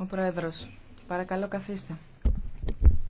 Ο Πρόεδρος, παρακαλώ καθίστε.